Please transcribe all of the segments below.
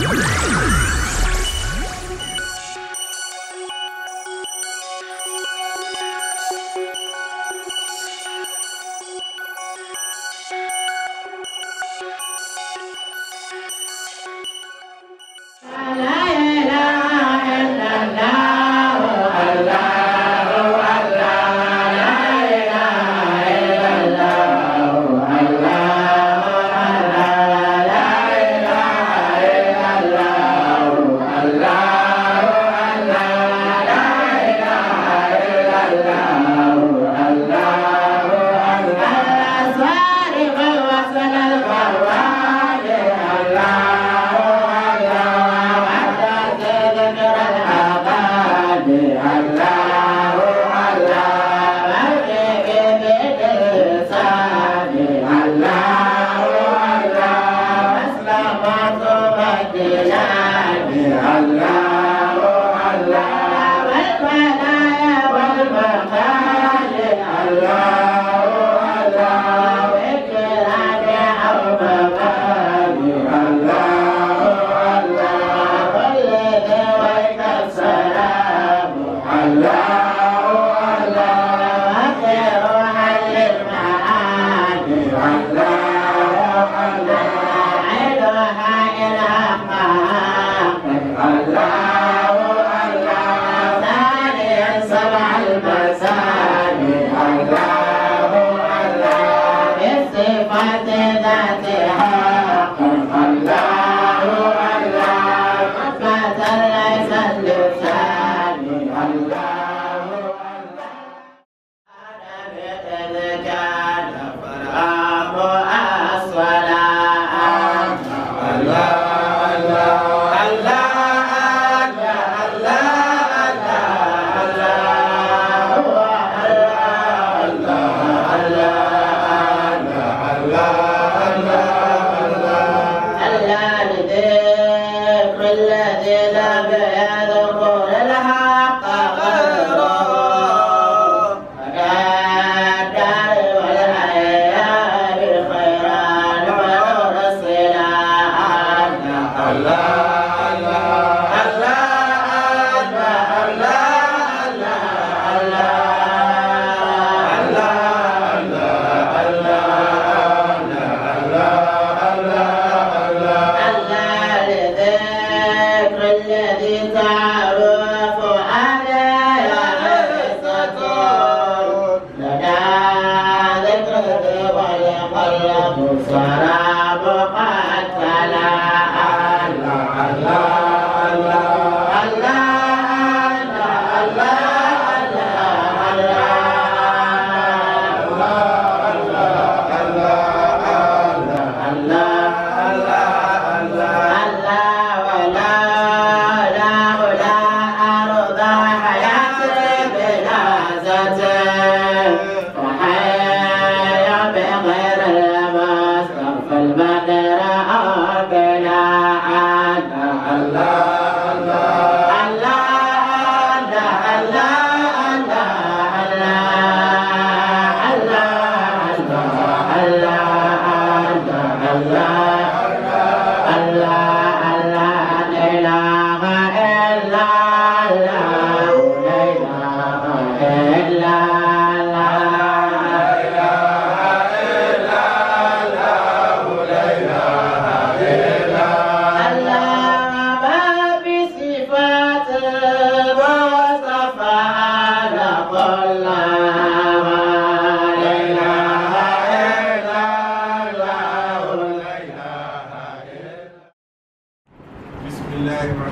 Yeah.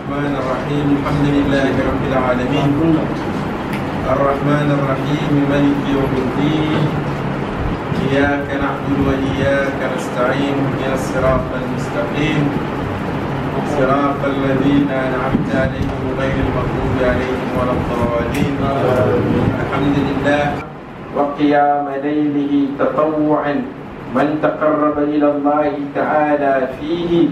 الرحمن الرحيم الحمد لله رب العالمين الرحمن الرحيم ملك يوم الدين إياك نعبد وإياك نستعين من الصراط المستقيم صراط الذين أنعمت عليهم غير المغضوب عليهم ولا الضالين الحمد لله وقيام ليله تطوعا من تقرب إلى الله تعالى فيه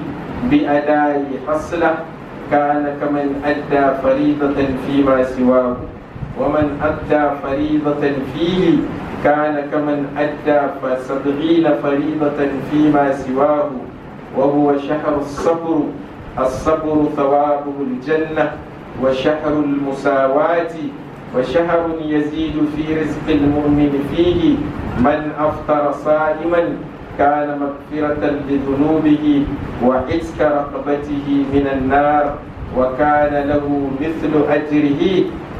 بأداء حصله كان كمن أدى فريضة فيما سواه ومن أدى فريضة فيه كان كمن أدى فسبعين فريضة فيما سواه وهو شهر الصبر الصبر ثوابه الجنة وشهر المساواة وشهر يزيد في رزق المؤمن فيه من أفطر صائما كان مغفرة لذنوبه وعتك رقبته من النار وكان له مثل أجره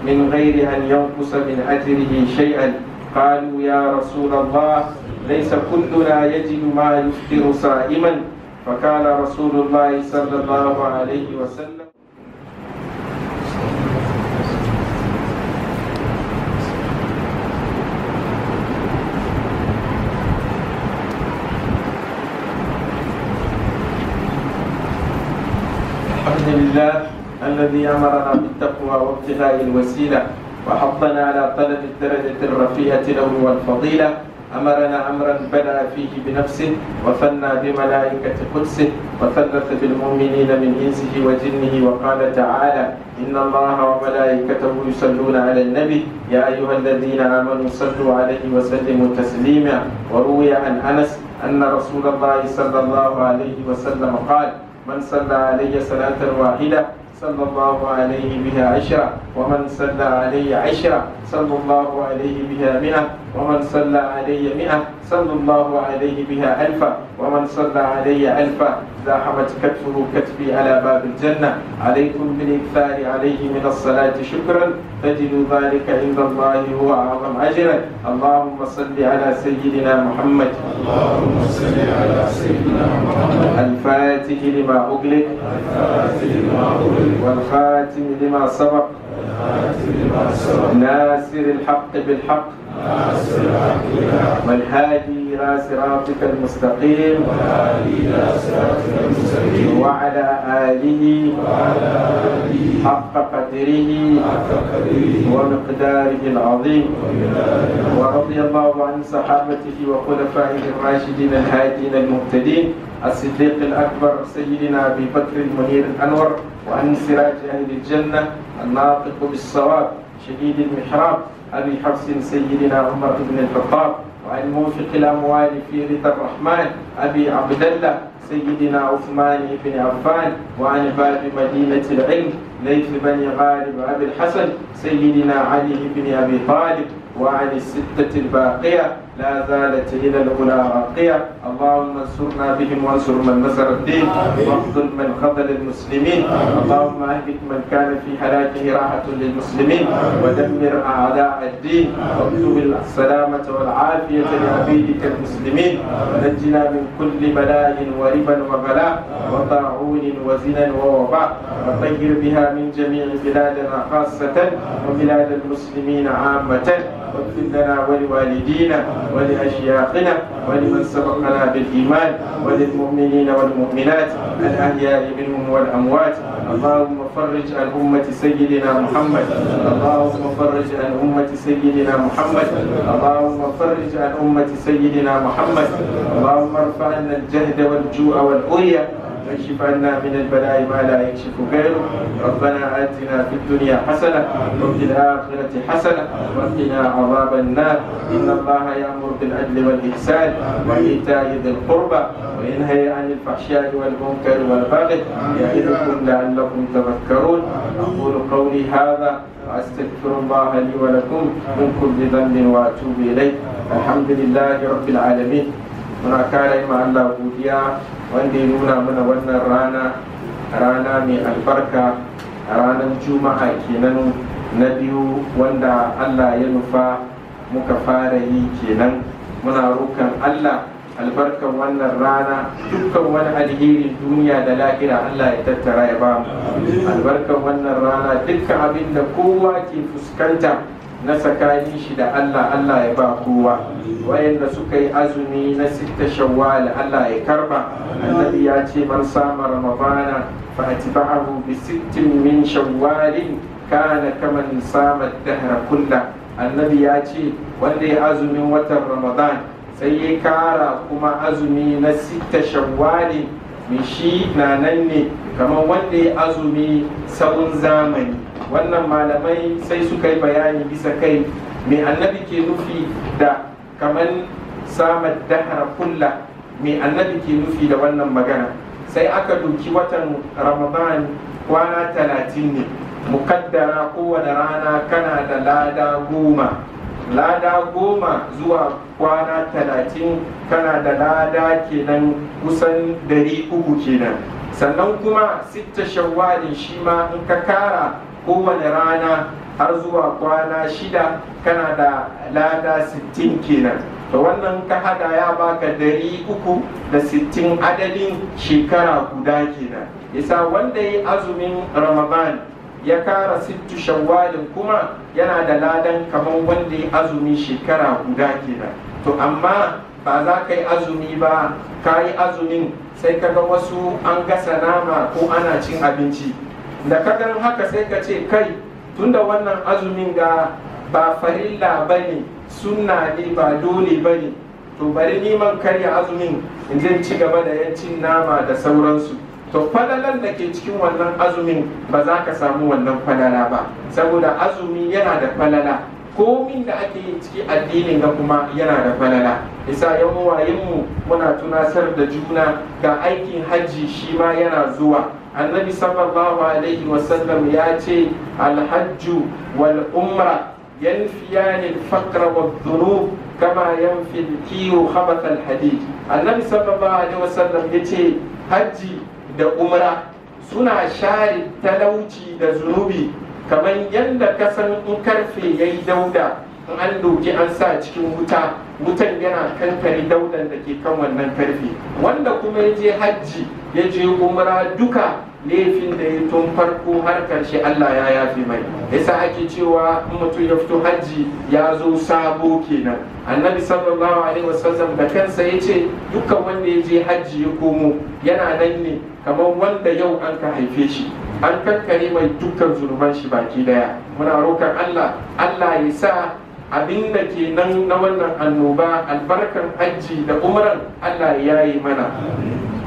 من غير أن ينقص من أجره شيئا قالوا يا رسول الله ليس كلنا يجد ما يفطر صائما فقال رسول الله صلى الله عليه وسلم الذي أمرنا بالتقوى وابتغاء الوسيلة وحضنا على طلب الدرجة الرفيعة له والفضيلة أمرنا أمرا بدأ فيه بنفسه وثنى بملائكة قدسه وثلث بالمؤمنين من إنسه وجنه وقال تعالى إن الله وملائكته يصلون على النبي يا أيها الذين آمنوا صلوا عليه وسلموا تسليما وروي عن أنس أن رسول الله صلى الله عليه وسلم قال من صلى علي صلاة واحدة sallallahu alaihi biha ashra ومن صلى علي عشرة صلى الله عليه بها مئة ومن صلى علي مئة صلى الله عليه بها ألفا ومن صلى علي ألفا زاحمت كتفه كتفي على باب الجنة عليكم بالإكثار عليه من الصلاة شكرا تجد ذلك عند الله هو أعظم أجرا اللهم صل على سيدنا محمد اللهم صل على سيدنا محمد الفاتح لما أغلق والخاتم لما سبق ناصر الحق بالحق والهادي إلى صراطك المستقيم وعلى آله حق قدره ومقداره العظيم ورضي الله عن صحابته وخلفائه الراشدين الهادين المهتدين الصديق الأكبر سيدنا أبي بكر المنير الأنور وعن سراج أهل الجنة الناطق بالصواب شديد المحراب أبي حفص سيدنا عمر بن الخطاب وعن موفق الأموال في رضا الرحمن أبي عبد الله سيدنا عثمان بن عفان وعن باب مدينة العلم ليث بن غالب أبي الحسن سيدنا علي بن أبي طالب وعن الستة الباقية لا زالت إلى الأولى راقية اللهم انصرنا بهم وانصر من نصر الدين واخذل من خذل المسلمين اللهم أهلك من كان في هلاكه راحة للمسلمين ودمر أعداء الدين واكتب السلامة والعافية لعبيدك المسلمين ونجنا من كل بلاء وربا وبلاء وطاعون وزنا ووباء وطهر بها من جميع بلادنا خاصة وبلاد المسلمين عامة واغفر لنا ولوالدينا ولأشياخنا ولمن سبقنا بالإيمان وللمؤمنين والمؤمنات الأحياء منهم والأموات اللهم فرج عن أمة سيدنا محمد اللهم فرج عن أمة سيدنا محمد اللهم فرج عن أمة سيدنا محمد اللهم ارفع عنا الجهد والجوع والأوية واكشف عنا من البلاء ما لا يكشف غيره ربنا آتنا في الدنيا حسنة وفي الآخرة حسنة وقنا عذاب النار إن الله يأمر بالعدل والإحسان وإيتاء ذي القربى وينهى عن الفحشاء والمنكر والبغي يعظكم لعلكم تذكرون أقول قولي هذا وأستغفر الله لي ولكم من كل ذنب وأتوب إليه الحمد لله رب العالمين muna كان ma Allah wanda ya nuna mana wannan rana rana mai albarka ranar juma'a kenan na biyu wanda allah ya nufa muka fara yi kenan muna rokan allah albarkan wannan rana dukkan wani alherin duniya da lahira Allah ya tattara ya ba mu albarkan wannan rana dukkan abinda kowa ke fuskanta na tsakanin shi da Allah Allah ya ba kowa wayanda suka yi azumi na sitta shawwal Allah ya karba annabi ya ce man sama ramadana fa atba'ahu bi sittin min shawwalin kana kaman sama dahra kulla annabi ya ce wanda ya azumin watan ramadan sai ya kara kuma azumi na sitta shawwalin shi na nan ne kamar wanda ya azumi sabon zamani wannan malamai sai suka yi bayani bisa kai Me annabi ke nufi da kamar samar dahara kulla Me annabi ke nufi da wannan magana sai aka duki watan ramadan kwana talatin ne mukaddara kowane rana kana da lada goma lada goma zuwa kwana talatin kana da lada kenan kusan dari uku kenan sannan kuma sitta shawwalin shi ma in ka kara kowane rana har zuwa kwana shida kana da lada sittin kenan to wannan ka hada ya baka dari uku da sittin adadin shekara guda kenan isa wanda ya azumin ramadan ya kara sittu shawwalin kuma yana da ladan kamar wanda ya azumi shekara guda kenan to amma ba za ka yi azumi ba ka yi azumin sai kaga wasu an gasa nama ko ana cin abinci da ka gan haka sai ka ce kai tunda wannan azumin ga ba farilla ba ne suna ne ba dole ba ne to bari niman karya azumin in zai ci gaba da yancin nama da sauransu to falalan da ke cikin wannan azumin ba za ka samu wannan falala ba saboda azumi yana da falala komin da ake yin ciki addinin ga kuma yana da falala isa yan wayenmu muna tunasar da juna ga aikin hajji shi ma yana zuwa annabi sallallahu alaihi wasallam ya ce alhajju wal umra ينفيان الفقر والذنوب كما ينفي الكير خبث الحديد النبي صلى الله عليه وسلم يتي hajji da umra suna share talauci da zunubi kamar yadda kasan in karfe ya yi dauda in an doki an sa cikin wuta wutan yana kankare daudan da ke kan wannan karfe wanda kuma ya je hajji ya je umra duka laifin da ya tun farko har karshe Allah ya yafi mai yasa ake cewa in mutum ya fito hajji ya zo sabo kenan annabi sallallahu alaihi wasallam da kansa ya ce dukkan wanda ya je hajji ya komo yana nan ne kamar wanda yau an ka haife shi an kankare mai dukkan zunuban shi baki daya muna roƙon Allah Allah ya sa abin da ke nan na wannan annoba albarkar hajji da umran Allah ya yi mana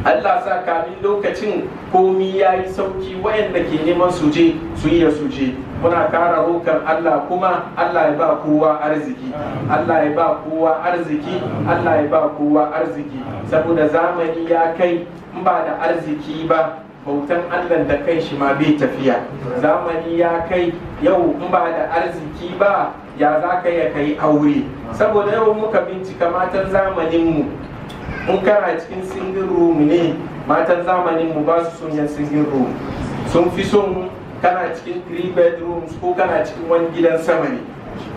Allah sa kamin lokacin komi ya yi sauki wayanda ke neman suje su yi ya suje muna kara rokar Allah kuma Allah ya ba kowa arziki Allah ya ba kowa arziki Allah ya ba kowa arziki saboda zamani ya kai ba da arziki ba bautan allah da kai shi ma bai tafiya zamani ya kai yau in ba da arziki ba ya za ka ya kai aure saboda yau muka bincika matan zamaninmu in kana cikin singin room ne matan zamaninmu ba su son yan singin room sun fi son kana cikin three bedrooms ko kana cikin wani gidan sama ne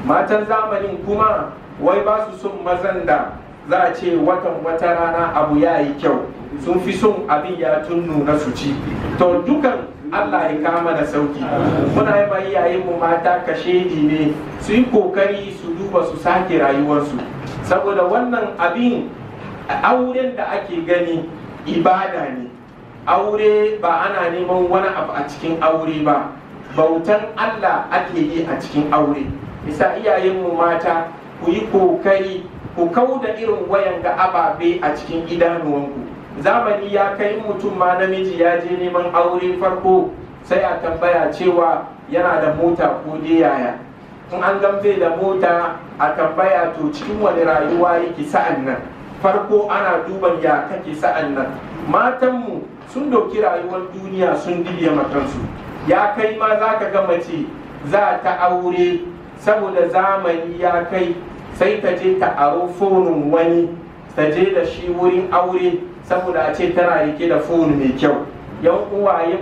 matan zamanin kuma wai ba su son mazan da za a ce watan wata rana abu ya yi kyau sun fi son abin ya tun nuna su ci to dukan Allah ya kama da sauki muna yi ma iyayenmu mu mata kashedi ne su yi kokari su duba su sake rayuwarsu saboda wannan abin auren da ake gani ibada ne aure ba ana neman wani abu a cikin aure ba bautan Allah ake yi a cikin aure isa iyayen mu mata ku yi kokari ku kau da irin wayan ga ababe a cikin idanuwanku zamani ya kai mutum ma namiji ya je neman aure farko sai a tambaya cewa yana da mota ko dai yaya in an gamfe da mota a tambaya to cikin wani rayuwa yake sa'an nan farko ana duban ya kake sa'an nan matanmu sun doki rayuwar duniya sun dibiya matansu ya kai ma za ka ga mace za ta aure saboda zamani ya kai sai ta je ta aro fonin wani ta je da shi wurin aure saboda a ce tana rike da fon mai kyau yan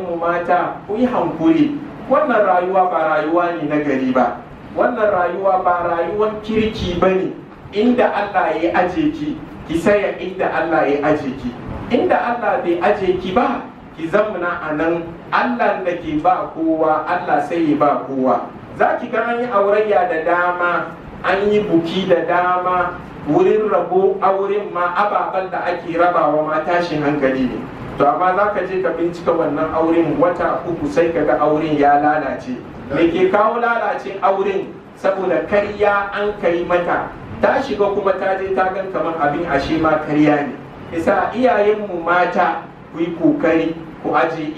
mu mata ku yi hankuri wannan rayuwa ba rayuwa ne na gari ba wannan rayuwa ba rayuwar kirki ba ne inda allah ya aje ki ki saya inda allah ya aje ki inda allah bai aje ki ba ki zamana a nan allah da ke ba kowa allah sai ya ba kowa za ki gani yi aurayya da dama an yi buki da dama wurin rabo auren ma ababen da ake rabawa ma tashin hankali ne to amma za ka je ka bincika wannan auren wata uku sai ka ga auren ya lalace me ke kawo lalacin auren saboda karya an kai mata ta shiga kuma ta je ta gan kamar abin ashe ma karya ne isa iyayenmu mata ku yi kokari ku aje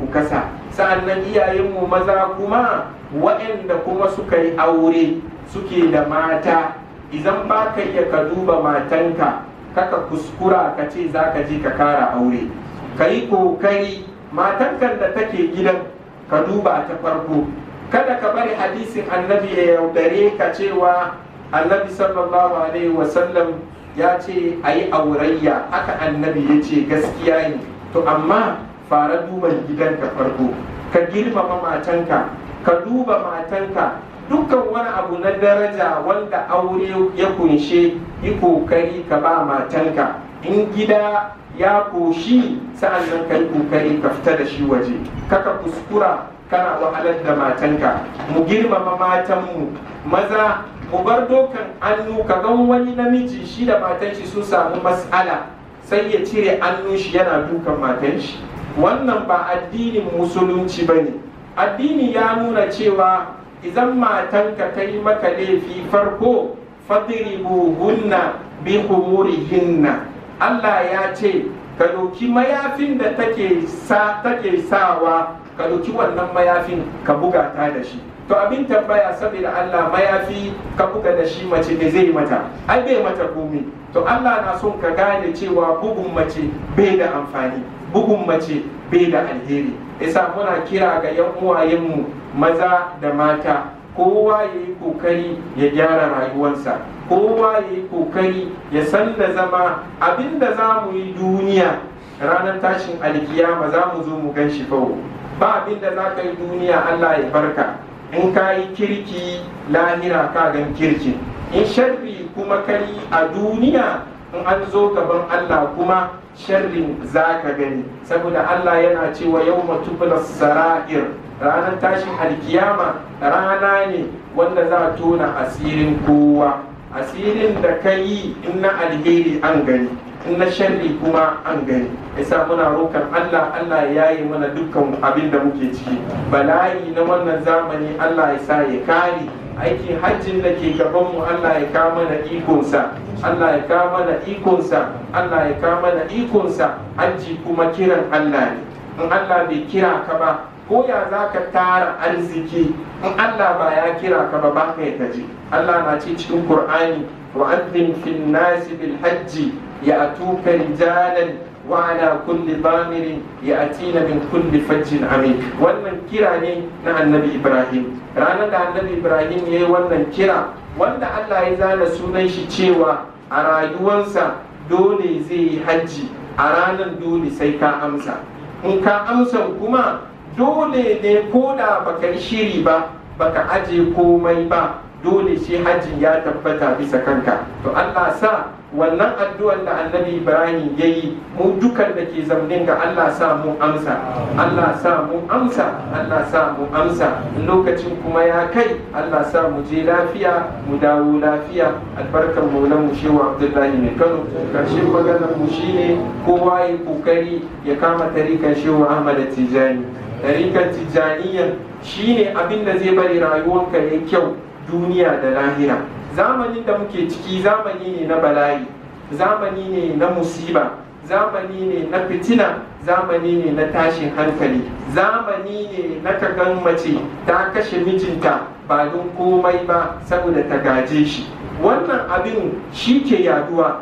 ku kasa sa'annan iyayenmu maza kuma waɗanda kuma suka yi aure suke da mata idan ba ka iya ka duba matanka kaka kuskura ka ce za ka je ka kara aure ka yi ƙoƙari matankan da take gidan ka duba ta farko kada ka bari hadisin annabi ya yaudare ka cewa annabi sallallahu alaihi wasallam ya ce a yi aurayya haka annabi ya ce gaskiya ne to amma fara duban gidanka farko ka girmama matanka ka duba matanka dukkan wani abu na daraja wanda aure ya kunshe yi kokari ka ba matanka in gida ya koshi nan ka yi kokari ka fita da shi waje kaka kuskura kana wahalar da matanka mu girmama matanmu maza mu bar dokan annu ka ga wani namiji shi da matanshi shi sun samu mas'ala sai ya cire annu shi yana dukan matanshi. wannan ba addinin musulunci ba ne addini ya nuna cewa idan matanka ta yi maka laifi farko fadiri buhunna bi hinna. Allah ya ce ka doki mayafin da take sa take sawa ka doki wannan mayafin ka buga ta da shi to abin tambaya saboda Allah mayafi ka buga da shi mace da zai mata ai bai mata komai to Allah na son ka gane cewa bugun mace bai da amfani bugun mace bai da alheri yasa muna kira ga yan uwayenmu maza da mata kowa ya yi kokari ya gyara rayuwarsa kowa ya yi kokari ya san da zama abinda za mu yi duniya ranar tashin alkiyama za mu zo mu gan shi fawo ba abinda za ka yi duniya allah ya barka in ka yi kirki lahira ka gan kirkin in sharbi kuma kari a duniya in an zo gaban Allah kuma sharrin za ka gani saboda Allah yana cewa yau matubula sara'ir ranar tashin alkiyama rana ne wanda za a tona asirin kowa asirin da ka yi in na alheri an gani in na sharri kuma an gani yasa muna rokan Allah Allah ya yi mana dukkan abin da muke ciki bala'i na wannan zamani Allah ya sa ya kare aikin hajjin da ke gaban mu Allah ya kama na ikonsa Allah ya kama na ikonsa Allah ya kama na ikonsa hajji kuma kiran Allah ne in Allah bai kira ka ba ko ya za ka tara arziki in Allah ba ya kira ka ba ba ka ya taji Allah na ce cikin Qur'ani wa anzim fil nasi bil hajji ya atuka rijalan وعلى كل ya يأتينا من كل فج عميق wannan kira ne na annabi Ibrahim ranar da annabi Ibrahim ya yi wannan kira wanda Allah ya zana sunan shi cewa a rayuwarsa dole zai yi hajji a ranar dole sai ka amsa in ka amsa kuma dole ne ko da baka shiri ba baka aje komai ba dole shi hajji ya tabbata bisa kanka to Allah sa wannan addu'ar da annabi ibrahim yayi mu dukan da ke zamanin ga Allah sa mu amsa Allah sa mu amsa Allah sa mu amsa lokacin kuma ya kai Allah sa mu je lafiya mu dawo lafiya albarkar maulan mu Shehu abdullahi mai kano karshen maganar mu shine kowa ya kokari ya kama tarikan Shehu ahmad tijani tarikan tijaniyar shine abin da zai bari rayuwarka ya kyau duniya da lahira zamanin da muke ciki zamani ne na bala'i zamani ne na musiba zamani ne na fitina zamani ne na tashin hankali zamani ne na kagan mace ta kashe mijinta ba don komai ba saboda ta gaje shi wannan abin shi ke yaduwa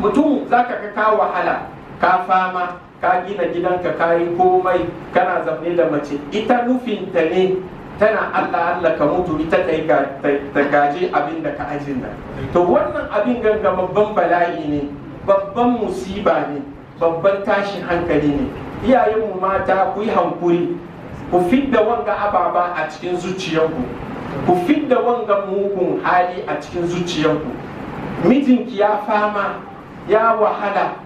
mutum za ka ka wahala ka fama ka gina gidanka ka yi komai kana zaune da mace ita nufinta ne tana Allah Allah ka mutu ita ta yi ta gaje abin da ka ajin nan to wannan abin ganga babban bala'i ne babban musiba ne babban tashin hankali ne iyayenmu mata ku yi hankuri ku fidda wanga ababa a cikin zuciyarku ku fidda wanga mugun hali a cikin zuciyarku mijinki ya fama ya wahala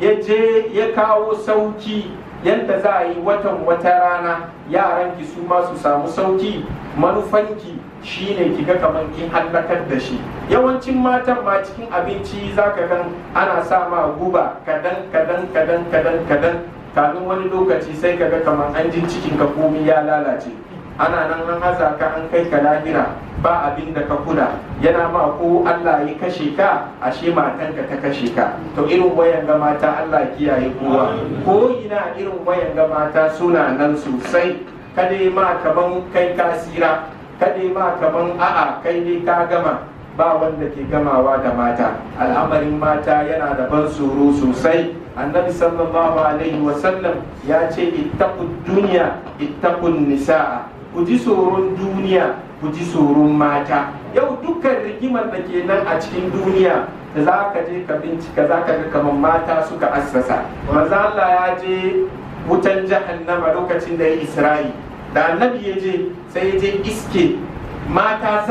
ya je ya kawo sauki yanda za a yi watan wata rana yaranki su ma su samu sauki manufanki shine ki ga kamar kin hallakar da shi yawancin matan ma cikin abinci za ka gan ana sa ma guba kadan kadan kadan kadan kadan kafin wani lokaci sai ka ga kamar an jin cikin ka komi ya lalace ana nan an haza ka an kai ka lahira ba abin da ka kula yana ma ko Allah ya kashe ka ashe matanka ta kashe ka to irin wayan ga mata Allah kiyaye kowa ko ina irin wayan ga mata suna nan sosai kada ma kaman kai ka kasira kada ma kaman a'a kai ne ka gama ba wanda ke gamawa da mata al'amarin mata yana da ban tsoro sosai annabi sallallahu alaihi wasallam ya ce ittaqud dunya ittaqun nisaa ku ji tsoron duniya ku ji tsoron mata yau dukkan rigimar da ke nan a cikin duniya da za ka je ka bincika za ka ga kamar mata suka assasa manzo Allah ya je wutan jahannama lokacin da ya isra'i da annabi ya je sai ya je iske mata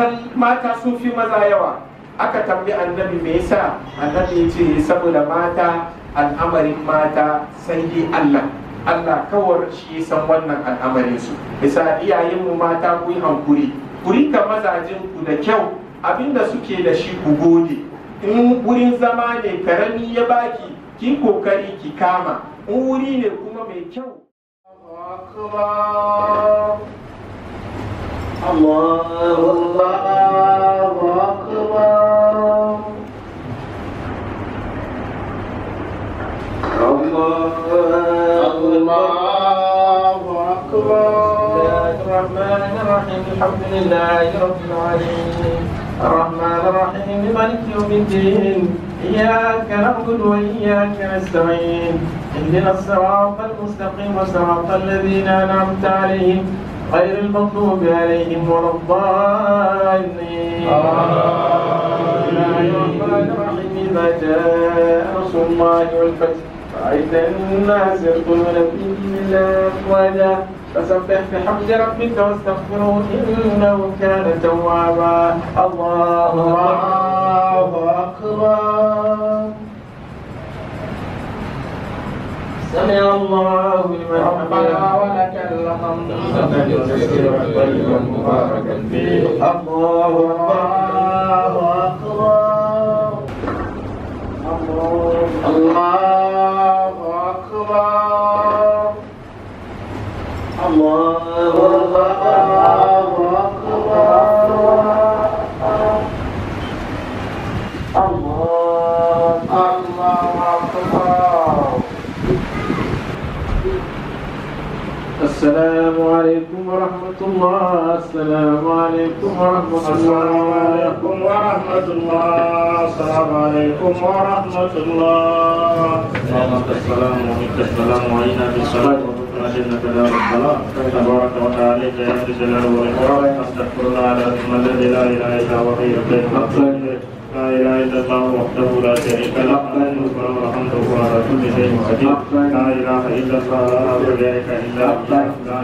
sun fi maza yawa aka tambi annabi me sa annabi ya ce saboda mata al'amarin mata sai dai Allah Allah kawar shi san wannan al'amarin su bisa mu mata ku yi hankuri ku rika mazajen ku da kyau abinda suke da shi ku gode in wurin zama ne karami ya baki ki kokari ki kama in wuri ne kuma mai kyau Allah Allah الله أكبر الله الرحمن الرحيم الحمد لله رب العالمين الرحمن الرحيم مالك يوم الدين إياك نعبد وإياك نستعين اهدنا الصراط المستقيم صراط الذين أنعمت عليهم غير المغضوب عليهم ولا الضالين الرحمن الرحيم إذا جاء نصر الله والفتح ورأيت الناس يدخلون فيه الله أفواجا فسبح بحمد ربك واستغفره إنه كان توابا الله أكبر سمع الله لمن حمده ولك الحمد سمع الله الله أكبر الله الله أكبر الله ورحمة الله السلام عليكم ورحمة الله السلام عليكم ورحمة الله السلام عليكم ورحمة الله اللهم السلام ومنك السلام وعينا بالسلام إنك لا رب الله تبارك وتعالى يا ذي الجلال والإكرام أستغفر الله العظيم الذي لا إله إلا هو حي القيوم لا إله إلا الله وحده لا شريك له له الملك وله الحمد وهو على كل شيء قدير لا إله إلا الله لا إله إلا الله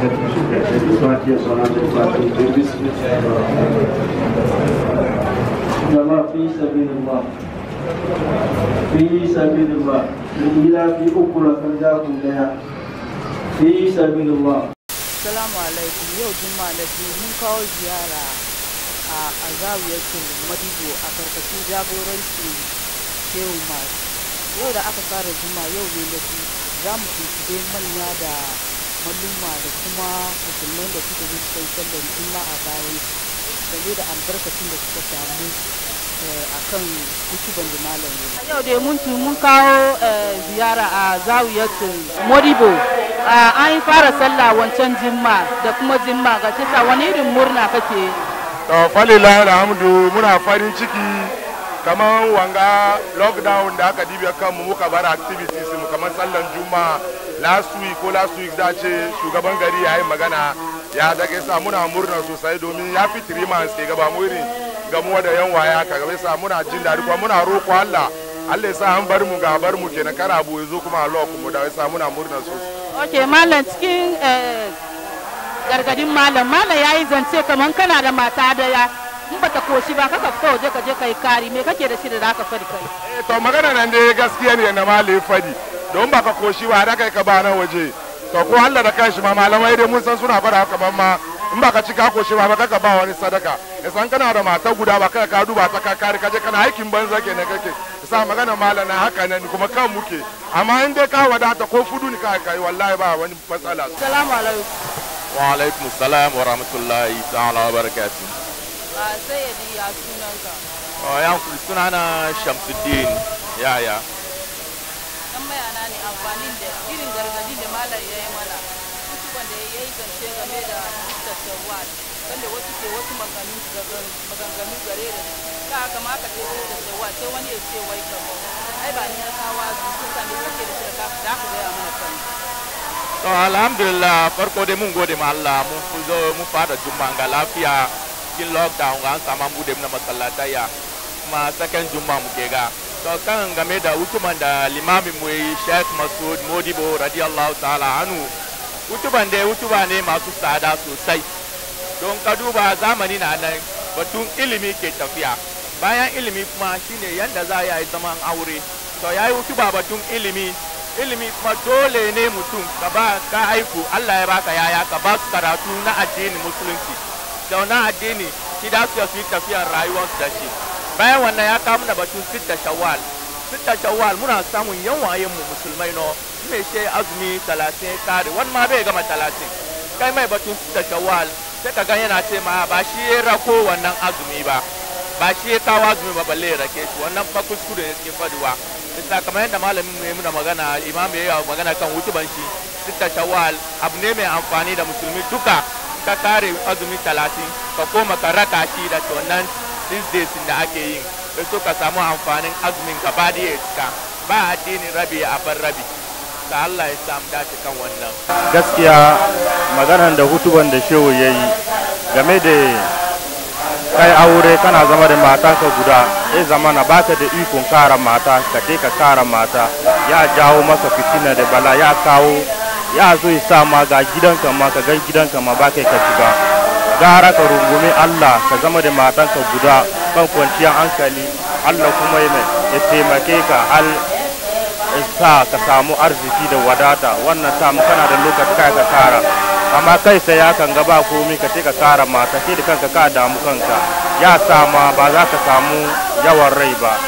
Fatih'e sonra fi Fi kun Fi Salamu alaikum. Yau Juma'a da mun kawo ziyara a azawiyatul Madigo a karkashin jagoranci Shehu Mas. Yau da aka fara jima yau ne na biyu za mu manya da malluma da kuma musulmai da suka zo suka yi sallar juma'a bayan su game da albarkacin da suka samu eh, a kan hutuban da malam ya. yau dai mun mun kawo eh, ziyara a zawiyatu Modibo. An yi fara sallah wancan jimma da kuma jimma ga ta wani irin murna kake. To falilahi alhamdu muna farin ciki kamar wanga lockdown da aka dibiya kanmu muka bar activities mu kamar sallan juma'a last week ko last week da ce shugaban gari ya yi magana ya dage sa muna murna sosai domin ya fi three months ke gaba mu irin gamuwa da yan waya ka gaba sa muna jin daɗi kuma muna roƙo Allah Allah ya sa an bar mu ga bar mu kenan kara abu ya zo kuma lock mu da sa muna murna sosai okay mallam cikin eh, gargadin malam malam yayi zance kaman kana da mata da ya in bata koshi ba kaka fita je ka je kai kari me kake da shi da zaka fadi kai eh to magana nan dai gaskiya ne na malai fadi don baka koshi ba da kai ka ba na waje to ko Allah da kanshi ma malamai dai mun san suna fara haka ban ma in baka cika koshi ba kaka ba wani sadaka isan kana da mata guda ba kai ka duba ta ka kare ka je kana aikin banza kenan kake sa magana mala na haka nan kuma kan muke amma in dai ka wadata ko fudu ne ka kai wallahi ba wani matsala assalamu alaikum wa alaikum assalam wa rahmatullahi ta'ala wa barakatuh Ba sayyadi ya sunanka. Oh, ya suna na Shamsuddin. Ya ya. Tambaya na ne amfanin da irin gargadi da malam ya yi mana. ya yi zance game da Mr. Shawwal. Wanda wasu ke wasu maganganu gare da ta haka ma ka ce Mr. Shawwal sai wani ya ce wai Ai ba ni na kake da da aka gaya mana kan. to alhamdulillah farko dai mun gode ma Allah mun zo mun fara juma ga lafiya cikin lockdown an samu bude na masallataya kuma sakan juma ga to kan game da hutuban da limamin mu Sheikh Masud Modibo radiyallahu ta'ala anu hutuban da hutuba ne masu tsada sosai don ka duba zamani na nan batun ilimi ke tafiya bayan ilimi kuma shine yanda za a yi zaman aure to yayi hutuba batun ilimi ilimi kuma dole ne mutum ka ba ka haiku Allah ya baka yaya ka ba su karatu na addinin musulunci da wani addini shi da su yi tafiyar rayuwarsu da shi bayan wannan ya kawo da batun sitta shawwal sitta shawwal muna samun yawayen mu musulmai no me shi azumi talatin kare wani ma bai gama talatin kai mai batun sitta shawwal sai ka ga yana ce ma ba shi ya rako wannan azumi ba ba shi ya kawo azumi ba balle ya rake shi wannan fa kuskure ne faduwa bisa kamar yadda malamin mu ya muna magana imam ya yi magana kan wutuban shi sitta shawwal abu ne mai amfani da musulmi duka ka kare azumi talatin ka koma ka raka shi da wannan six days da ake yi ka so ka samu amfanin azumin ba da ya cika ba addinin rabi a bar rabi ka Allah ya samu dace kan wannan gaskiya maganar da hutuban da shehu ya yi game da kai aure kana zama da mata ka guda zai zama na baka da ikon kara mata ka ka kara mata ya jawo masa fitina da bala ya kawo ya zo ya sa ma ga gidanka ma ka gan gidanka ma ba kai ka ba. gara ka rungumi Allah ka zama da matanka guda kan kwanciyar hankali Allah kuma ya taimake ka al sa ka samu arziki da wadata wannan samu kana da lokaci kai ka tara. amma kai sai ya kan ba komai ka ce ka kara mata ke da kanka ka damu kanka ya sa ma ba za ka samu yawan rai ba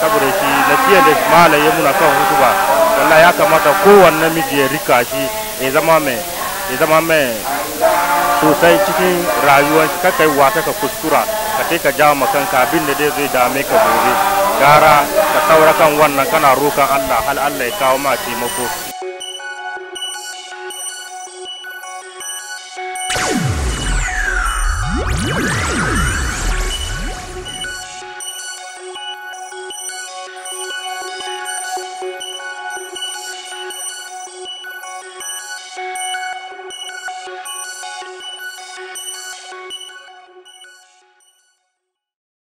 saboda shi na da malam na muna kan hutu ba wanda ya kamata kowanne miji ya rika shi ya zama mai sosai cikin rayuwar shi kakai wasa ka kuskura ka kai ka jawo kanka abin da dai zai dame ka gobe gara ka saura kan wannan kana rokan Allah hal Allah ya kawo ma taimako